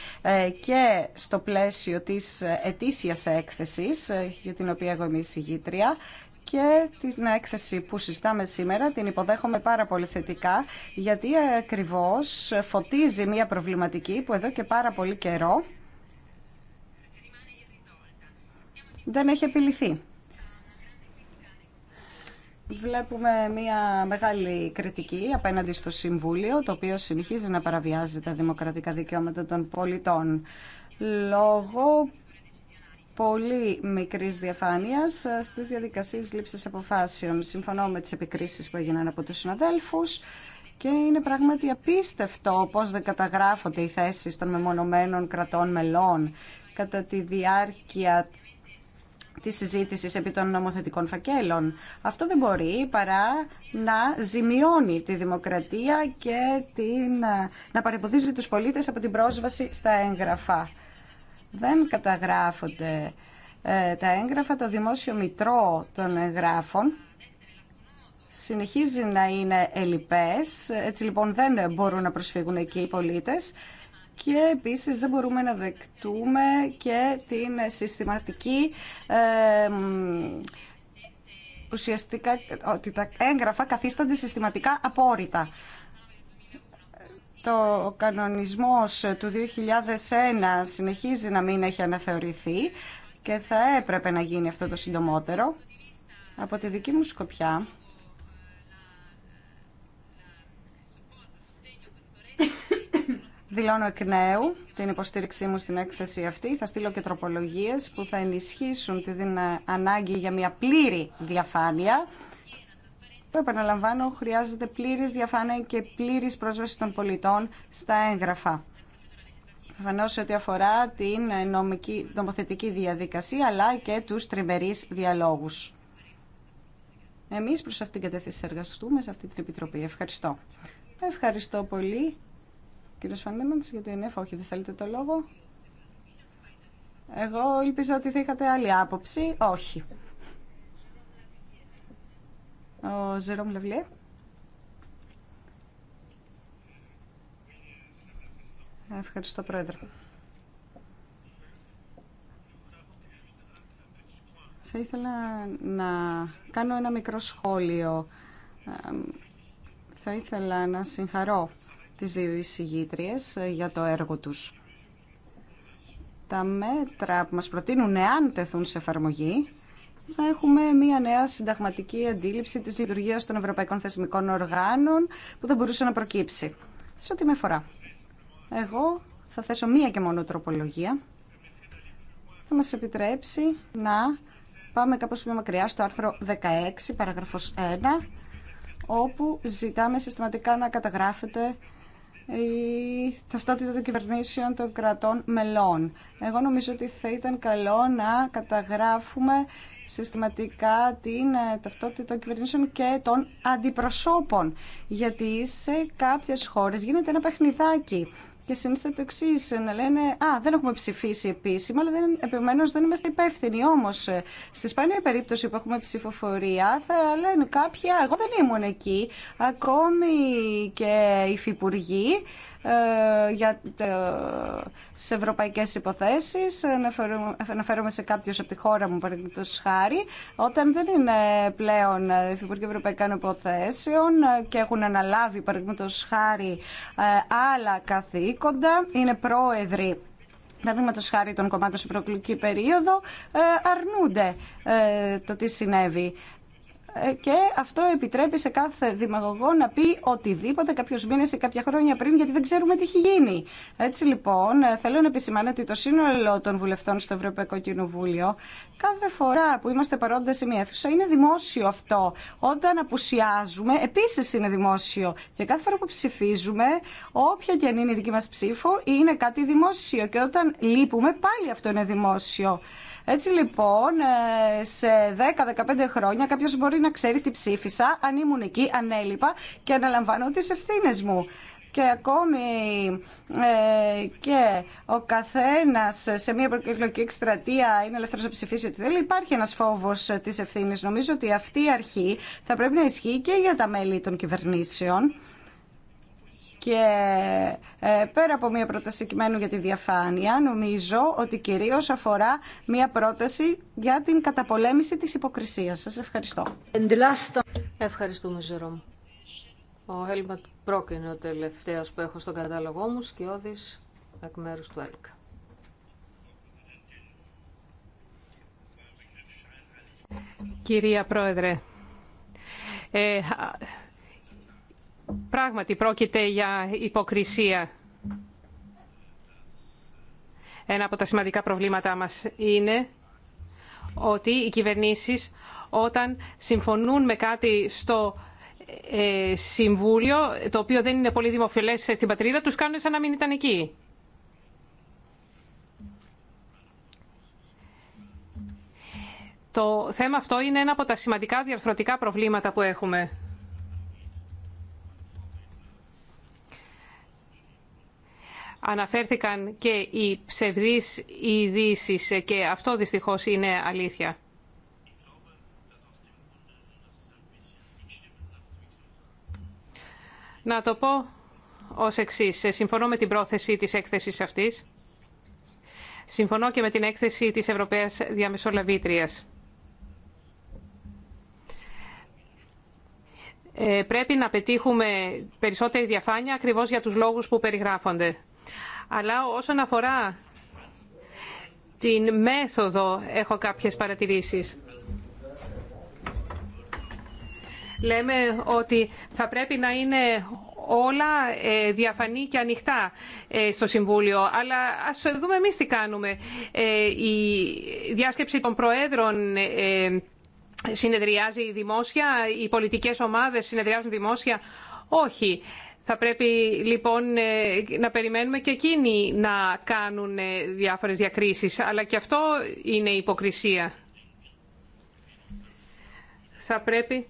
και στο πλαίσιο της ετήσιας έκθεσης για την οποία εγώ είμαι η συγγήτρια και την έκθεση που συζητάμε σήμερα την υποδέχομαι πάρα πολύ θετικά γιατί ακριβώς φωτίζει μια προβληματική που εδώ και πάρα πολύ καιρό δεν έχει επιληθεί. Βλέπουμε μια μεγάλη κριτική απέναντι στο Συμβούλιο, το οποίο συνεχίζει να παραβιάζει τα δημοκρατικά δικαιώματα των πολιτών λόγω πολύ μικρής διαφάνειας ε, στις διαδικασίες λήψης αποφάσεων. Συμφωνώ με τις επικρίσεις που έγιναν από τους συναδέλφου, και είναι πράγματι απίστευτο πώς δεν καταγράφονται οι θέσεις των μεμονωμένων κρατών μελών κατά τη διάρκεια τη συζήτηση επί των νομοθετικών φακέλων. Αυτό δεν μπορεί παρά να ζημιώνει τη δημοκρατία και την, ε, να παρεμποδίζει τους πολίτες από την πρόσβαση στα έγγραφα δεν καταγράφονται ε, τα έγγραφα, το δημόσιο μητρό των εγγράφων συνεχίζει να είναι ελιπές, έτσι λοιπόν δεν μπορούν να προσφύγουν εκεί οι πολίτες και επίσης δεν μπορούμε να δεκτούμε και την συστηματική ε, ουσιαστικά ότι τα έγγραφα καθίστανται συστηματικά απόρριτα το κανονισμός του 2001 συνεχίζει να μην έχει αναθεωρηθεί και θα έπρεπε να γίνει αυτό το συντομότερο. Από τη δική μου σκοπιά, Δηλώνω εκ νέου την υποστήριξή μου στην έκθεση αυτή. Θα στείλω και τροπολογίες που θα ενισχύσουν την ανάγκη για μια πλήρη διαφάνεια που επαναλαμβάνω χρειάζεται πλήρης διαφάνεια και πλήρης πρόσβαση των πολιτών στα έγγραφα. Φανώς ό,τι αφορά την νομική, νομοθετική διαδικασία αλλά και τους τριμερείς διαλόγους. Εμείς προς αυτήν την κατεύθυνση εργαστούμε σε αυτή την Επιτροπή. Ευχαριστώ. Ευχαριστώ πολύ. Κύριος Φανέμαντς, για το ΕΝΕΦ, όχι δεν θέλετε το λόγο. Εγώ ελπίζω ότι θα είχατε άλλη άποψη. Όχι ο Ζερόμ Λευλέ. Ευχαριστώ, Πρόεδρε. Θα ήθελα να κάνω ένα μικρό σχόλιο. Θα ήθελα να συγχαρώ τις δύο εισηγήτριες ε, για το έργο τους. Τα μέτρα που μας προτείνουν, εάν τεθούν σε εφαρμογή, θα έχουμε μια νέα συνταγματική αντίληψη της λειτουργίας των ευρωπαϊκών θεσμικών οργάνων που θα μπορούσε να προκύψει. Σε ό,τι με αφορά. Εγώ θα θέσω μία και μόνο τροπολογία. Θα μας επιτρέψει να πάμε κάπως πιο μακριά στο άρθρο 16, παραγραφος 1, όπου ζητάμε συστηματικά να καταγράφεται η ταυτότητα των κυβερνήσεων των κρατών μελών. Εγώ νομίζω ότι θα ήταν καλό να καταγράφουμε συστηματικά την ε, ταυτότητα των κυβερνήσεων και των αντιπροσώπων. Γιατί σε κάποιες χώρες γίνεται ένα παιχνιδάκι και συνήθω το εξή, να λένε Α, δεν έχουμε ψηφίσει επίσημα, αλλά δεν, επομένω δεν είμαστε υπεύθυνοι. Όμω, ε, στη σπάνια περίπτωση που έχουμε ψηφοφορία, θα λένε κάποιοι, Α, εγώ δεν ήμουν εκεί. Ακόμη και οι υφυπουργοί ε, για ε, σε ευρωπαϊκές υποθέσεις. Αναφέρομαι ε, σε κάποιο από τη χώρα μου, παραδείγματος χάρη, όταν δεν είναι πλέον Υφυπουργοί Ευρωπαϊκών Υποθέσεων και έχουν αναλάβει, παραδείγματος χάρη, άλλα καθήκοντα, είναι πρόεδροι παραδείγματο χάρη των κομμάτων σε προκλητική περίοδο, αρνούνται το τι συνέβη. Ε, και αυτό επιτρέπει σε κάθε δημαγωγό να πει οτιδήποτε κάποιο μήνε ή κάποια χρόνια πριν, γιατί δεν ξέρουμε τι έχει γίνει. Έτσι λοιπόν, ε, θέλω να επισημάνω ότι το σύνολο των βουλευτών στο Ευρωπαϊκό Κοινοβούλιο, κάθε φορά που είμαστε παρόντε σε μια αίθουσα, είναι δημόσιο αυτό. Όταν απουσιάζουμε, επίση είναι δημόσιο. Και κάθε φορά που ψηφίζουμε, όποια και αν είναι η δική μα ψήφο, είναι κάτι δημόσιο. Και όταν λείπουμε, πάλι αυτό είναι δημόσιο. Έτσι λοιπόν, ε, σε 10-15 χρόνια κάποιο μπορεί να ξέρει τι ψήφισα, αν ήμουν εκεί, αν έλειπα και αναλαμβάνω τι ευθύνε μου και ακόμη ε, και ο καθένα σε μια προεκλογική εκστρατεία είναι ελεύθερο να ψηφίσει ότι θέλει, υπάρχει ένα φόβο τη ευθύνη. Νομίζω ότι αυτή η αρχή θα πρέπει να ισχύει και για τα μέλη των κυβερνήσεων. Και ε, πέρα από μια πρόταση κειμένου για τη διαφάνεια, νομίζω ότι κυρίω αφορά μια πρόταση για την καταπολέμηση της υποκρισίας. Σα ευχαριστώ. Ευχαριστούμε, Ζερόμ. Ο Έλματ Πρόκ είναι ο τελευταίος που έχω στον κατάλογό μου, σκιώδης εκ μέρου του ΕΛΚ. Κυρία Πρόεδρε, ε, Πράγματι πρόκειται για υποκρισία. Ένα από τα σημαντικά προβλήματά μας είναι ότι οι κυβερνήσεις όταν συμφωνούν με κάτι στο ε, συμβούλιο, το οποίο δεν είναι πολύ δημοφιλές στην πατρίδα, τους κάνουν σαν να μην ήταν εκεί. Το θέμα αυτό είναι ένα από τα σημαντικά διαρθρωτικά προβλήματα που έχουμε. αναφέρθηκαν και οι ψευδείς ειδήσει και αυτό δυστυχώς είναι αλήθεια. Να το πω ως εξής. Συμφωνώ με την πρόθεση της έκθεσης αυτής. Συμφωνώ και με την έκθεση της Ευρωπαίας Διαμεσολαβήτριας. Ε, πρέπει να πετύχουμε περισσότερη διαφάνεια ακριβώς για τους λόγους που περιγράφονται. Αλλά όσον αφορά την μέθοδο έχω κάποιες παρατηρήσεις. Λέμε ότι θα πρέπει να είναι όλα ε, διαφανή και ανοιχτά ε, στο Συμβούλιο. Αλλά ας δούμε εμείς τι κάνουμε. Ε, η διάσκεψη των Προέδρων συνεδριάζει δημόσια, οι πολιτικές ομάδες συνεδριάζουν δημόσια. Όχι. Θα πρέπει λοιπόν ε, να περιμένουμε και εκείνοι να κάνουν ε, διάφορες διακρίσεις, αλλά και αυτό είναι υποκρισία. Θα πρέπει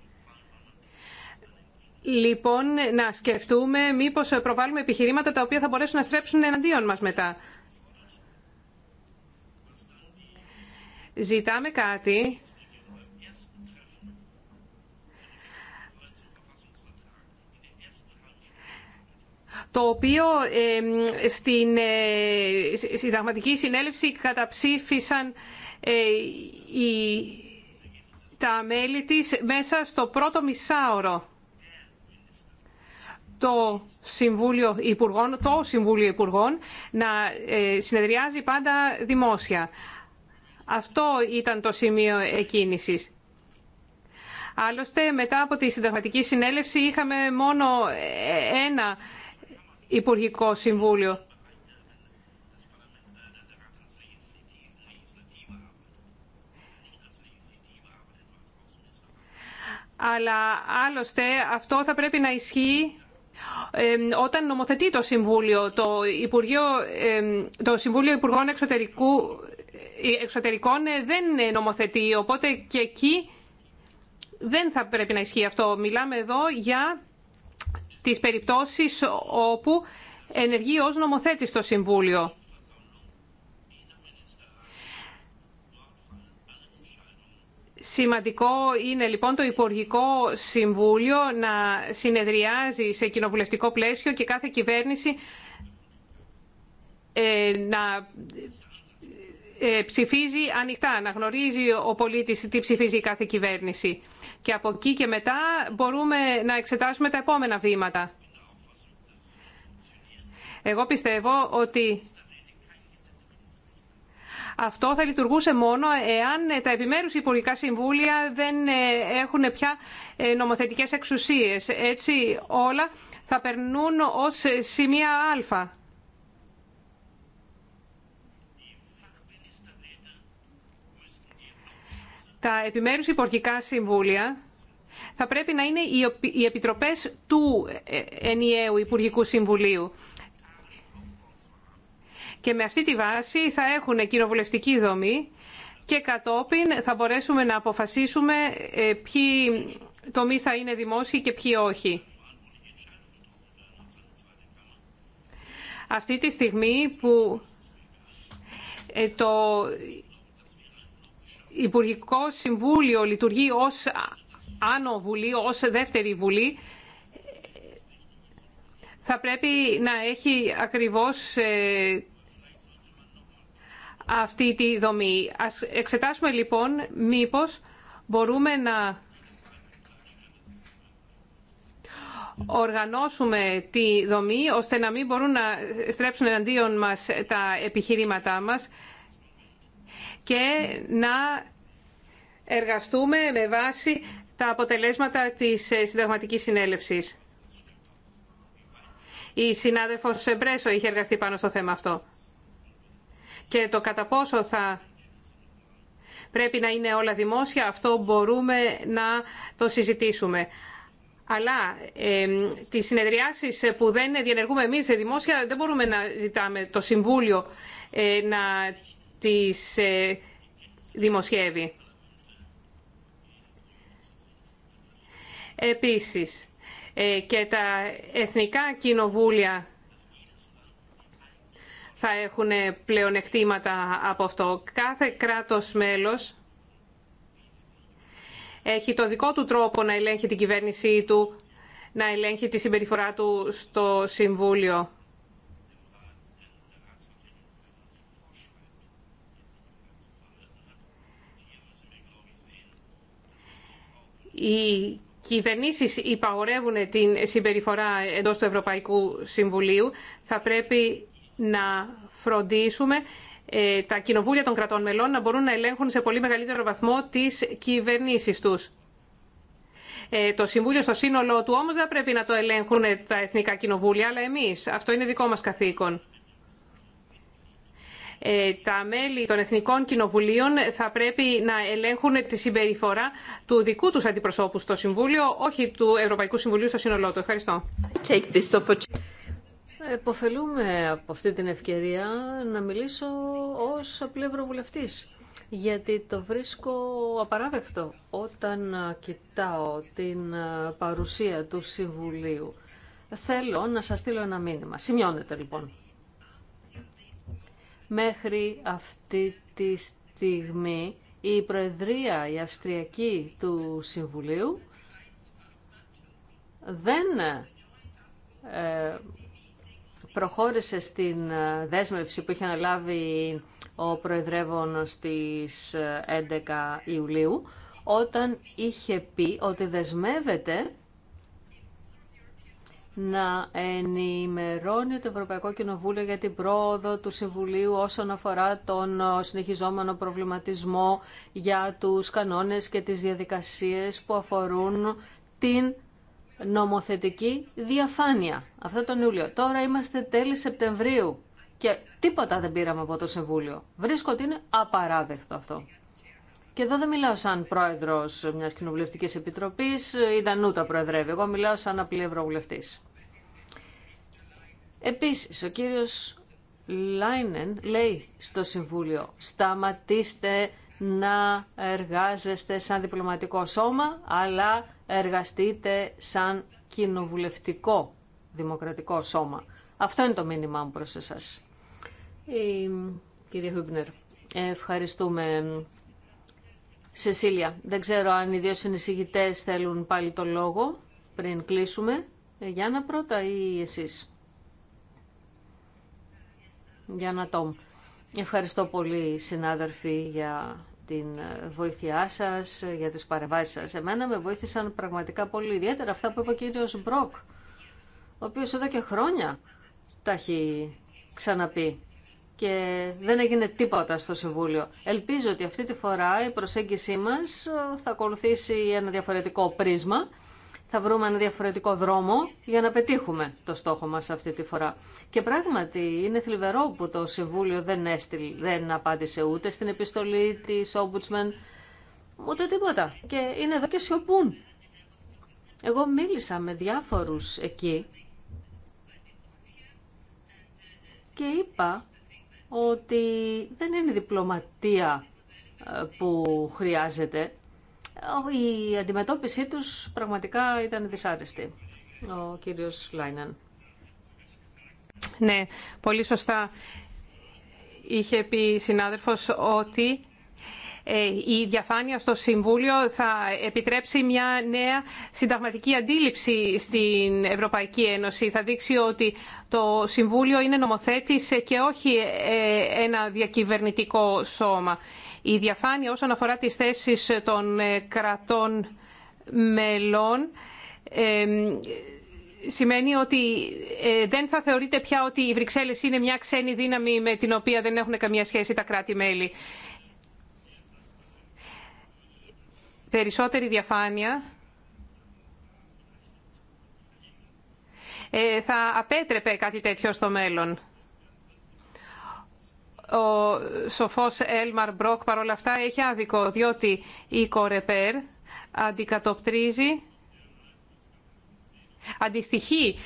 λοιπόν να σκεφτούμε μήπως προβάλλουμε επιχειρήματα τα οποία θα μπορέσουν να στρέψουν εναντίον μας μετά. Ζητάμε κάτι το οποίο στην ε, συνταγματική συνέλευση καταψήφισαν ε, τα μέλη της μέσα στο πρώτο μισάωρο. Το Συμβούλιο Υπουργών, το Συμβούλιο Υπουργών να ε, συνεδριάζει πάντα δημόσια. Αυτό ήταν το σημείο εκκίνησης. Άλλωστε, μετά από τη συνταγματική συνέλευση είχαμε μόνο ένα Υπουργικό Συμβούλιο. Αλλά άλλωστε αυτό θα πρέπει να ισχύει όταν νομοθετεί το Συμβούλιο. Το, Υπουργείο, το Συμβούλιο Υπουργών Εξωτερικού, ε, Εξωτερικών ε, δεν νομοθετεί, οπότε και εκεί δεν θα πρέπει να ισχύει αυτό. Μιλάμε εδώ για τις περιπτώσεις όπου ενεργεί ως νομοθέτης το Συμβούλιο. Σημαντικό είναι λοιπόν το Υπουργικό Συμβούλιο να συνεδριάζει σε κοινοβουλευτικό πλαίσιο και κάθε κυβέρνηση ε, να ε, ψηφίζει ανοιχτά, να γνωρίζει ο πολίτης τι ψηφίζει η κάθε κυβέρνηση. Και από εκεί και μετά μπορούμε να εξετάσουμε τα επόμενα βήματα. Εγώ πιστεύω ότι αυτό θα λειτουργούσε μόνο εάν τα επιμέρους υπουργικά συμβούλια δεν ε, έχουν πια ε, νομοθετικές εξουσίες. Έτσι όλα θα περνούν ως σημεία άλφα. Τα επιμέρους υπουργικά συμβούλια θα πρέπει να είναι οι επιτροπές του ε, ενιαίου Υπουργικού Συμβουλίου. Και με αυτή τη βάση θα έχουν κοινοβουλευτική δομή και κατόπιν θα μπορέσουμε να αποφασίσουμε ε, ποιοι τομείς θα είναι δημόσιοι και ποιοι όχι. Αυτή τη στιγμή που ε, το Υπουργικό Συμβούλιο λειτουργεί ως άνω βουλή, ως δεύτερη βουλή, θα πρέπει να έχει ακριβώς ε, αυτή τη δομή. Ας εξετάσουμε λοιπόν μήπως μπορούμε να οργανώσουμε τη δομή ώστε να μην μπορούν να στρέψουν εναντίον μας τα επιχειρήματά μας και να εργαστούμε με βάση τα αποτελέσματα της ε, συνταγματικής συνέλευσης. Η συνάδελφος Σεμπρέσο είχε εργαστεί πάνω στο θέμα αυτό. Και το κατά πόσο θα πρέπει να είναι όλα δημόσια, αυτό μπορούμε να το συζητήσουμε. Αλλά ε, τις συνεδριάσεις που δεν διενεργούμε εμείς σε δημόσια δεν μπορούμε να ζητάμε το Συμβούλιο ε, να τις ε, δημοσιεύει. Επίσης, ε, και τα εθνικά κοινοβούλια θα έχουν πλεονεκτήματα από αυτό. Κάθε κράτος μέλος έχει το δικό του τρόπο να ελέγχει την κυβέρνησή του, να ελέγχει τη συμπεριφορά του στο Συμβούλιο. Οι κυβερνήσει υπαγορεύουν την συμπεριφορά εντό του Ευρωπαϊκού Συμβουλίου. Θα πρέπει να φροντίσουμε ε, τα κοινοβούλια των κρατών μελών να μπορούν να ελέγχουν σε πολύ μεγαλύτερο βαθμό τις κυβερνήσεις τους. Ε, το Συμβούλιο στο σύνολό του όμως δεν πρέπει να το ελέγχουν τα εθνικά κοινοβούλια, αλλά εμείς. Αυτό είναι δικό μας καθήκον. Ε, τα μέλη των Εθνικών Κοινοβουλίων θα πρέπει να ελέγχουν τη συμπεριφορά του δικού τους αντιπροσώπου στο Συμβούλιο, όχι του Ευρωπαϊκού Συμβουλίου στο σύνολό του. Ευχαριστώ. Εποφελούμε από αυτή την ευκαιρία να μιλήσω ως πλευροβουλευτής, γιατί το βρίσκω απαράδεκτο όταν κοιτάω την παρουσία του Συμβουλίου. Θέλω να σας στείλω ένα μήνυμα. Σημειώνετε λοιπόν. Μέχρι αυτή τη στιγμή η Προεδρία, η Αυστριακή του Συμβουλίου δεν ε, προχώρησε στην ε, δέσμευση που είχε αναλάβει ο Προεδρεύων στις 11 ε, Ιουλίου όταν είχε πει ότι δεσμεύεται να ενημερώνει το Ευρωπαϊκό Κοινοβούλιο για την πρόοδο του Συμβουλίου όσον αφορά τον ε, συνεχιζόμενο προβληματισμό για τους κανόνες και τις διαδικασίες που αφορούν την νομοθετική διαφάνεια. Αυτό τον Ιούλιο. Τώρα είμαστε τέλη Σεπτεμβρίου και τίποτα δεν πήραμε από το Συμβούλιο. Βρίσκω ότι είναι απαράδεκτο αυτό. Και εδώ δεν μιλάω σαν πρόεδρο μια κοινοβουλευτική επιτροπή, η Δανούτα προεδρεύει. Εγώ μιλάω σαν απλή ευρωβουλευτή. Επίση, ο κύριο Λάινεν λέει στο Συμβούλιο: Σταματήστε να εργάζεστε σαν διπλωματικό σώμα, αλλά εργαστείτε σαν κοινοβουλευτικό δημοκρατικό σώμα. Αυτό είναι το μήνυμά μου προς εσάς. Η... Κύριε Χούμπνερ, ευχαριστούμε Σεσίλια, δεν ξέρω αν οι δύο συνεισηγητέ θέλουν πάλι το λόγο πριν κλείσουμε. Ε, Γιάννα πρώτα ή εσείς. Γιάννα Τόμ. Ευχαριστώ πολύ συνάδελφοι για την ε, βοήθειά σας, για τις παρεμβάσεις σας. Εμένα με βοήθησαν πραγματικά πολύ, ιδιαίτερα αυτά που είπε ο κύριος Μπροκ, ο οποίος εδώ και χρόνια τα έχει ξαναπεί και δεν έγινε τίποτα στο Συμβούλιο. Ελπίζω ότι αυτή τη φορά η προσέγγιση μας ε, θα ακολουθήσει ένα διαφορετικό πρίσμα, θα βρούμε ένα διαφορετικό δρόμο για να πετύχουμε το στόχο μας αυτή τη φορά. Και πράγματι είναι θλιβερό που το Συμβούλιο δεν, δεν απάντησε ούτε στην επιστολή της Ομπουτσμεν, ούτε τίποτα. Και είναι εδώ και σιωπούν. Εγώ μίλησα με διάφορους εκεί και είπα ότι δεν είναι διπλωματία ε, που χρειάζεται. Η αντιμετώπιση τους πραγματικά ήταν δυσάρεστη. Ο κύριος Λάιναν. Ναι, πολύ σωστά είχε πει συνάδελφος ότι ε, η διαφάνεια στο Συμβούλιο θα επιτρέψει μια νέα συνταγματική αντίληψη στην Ευρωπαϊκή Ένωση. Θα δείξει ότι το Συμβούλιο είναι νομοθέτης και όχι ε, ένα διακυβερνητικό σώμα. Η διαφάνεια όσον αφορά τις θέσεις των ε, κρατών μελών σημαίνει ότι δεν θα θεωρείται πια ότι οι Βρυξέλλες είναι μια ξένη δύναμη με την οποία δεν έχουν καμία σχέση τα κράτη-μέλη. περισσότερη διαφάνεια ε, θα απέτρεπε κάτι τέτοιο στο μέλλον. Ο σοφός Έλμαρ Μπρόκ παρόλα αυτά έχει άδικο, διότι η Κορεπέρ αντικατοπτρίζει αντιστοιχεί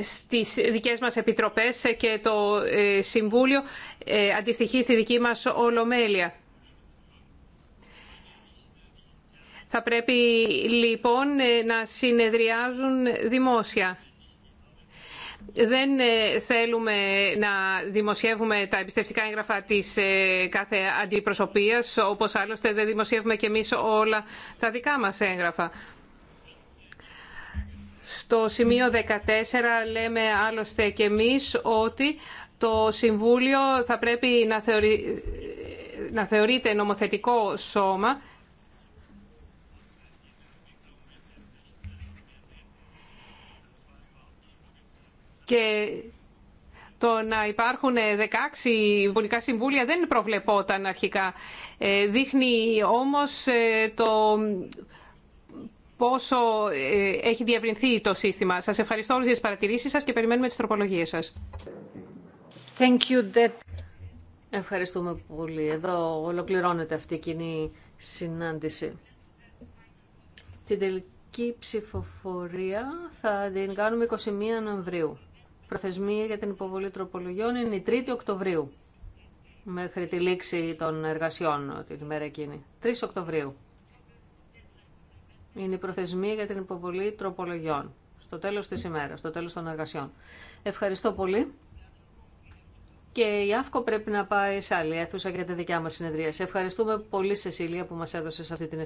στις δικές μας επιτροπές και το ε, Συμβούλιο ε, αντιστοιχεί στη δική μας Ολομέλεια. Θα πρέπει λοιπόν ε, να συνεδριάζουν δημόσια. Δεν ε, θέλουμε να δημοσιεύουμε τα εμπιστευτικά έγγραφα της ε, κάθε αντιπροσωπείας, όπως άλλωστε δεν δημοσιεύουμε και εμείς όλα τα δικά μας έγγραφα. Στο σημείο 14 λέμε άλλωστε και εμείς ότι το Συμβούλιο θα πρέπει να, θεωρεί, να θεωρείται νομοθετικό σώμα Και το να υπάρχουν 16 Υπουργικά Συμβούλια δεν προβλεπόταν αρχικά. Ε, δείχνει όμως ε, το πόσο ε, έχει διευρυνθεί το σύστημα. Σας ευχαριστώ όλους για τις παρατηρήσεις σας και περιμένουμε τις τροπολογίες σας. Ευχαριστούμε πολύ. Εδώ ολοκληρώνεται αυτή η κοινή συνάντηση. Την τελική ψηφοφορία θα την κάνουμε 21 Νοεμβρίου. Προθεσμία για την υποβολή τροπολογιών είναι η 3η Οκτωβρίου, μέχρι τη λήξη των εργασιών την ημέρα εκείνη. 3 Οκτωβρίου είναι η προθεσμία για την υποβολή τροπολογιών, στο τέλος της ημέρας, στο τέλος των εργασιών. Ευχαριστώ πολύ. Και η ΑΦΚΟ πρέπει να πάει σε άλλη αίθουσα για τη δικιά μας συνεδρία. Σε ευχαριστούμε πολύ, Σεσίλια, που μας έδωσε αυτή την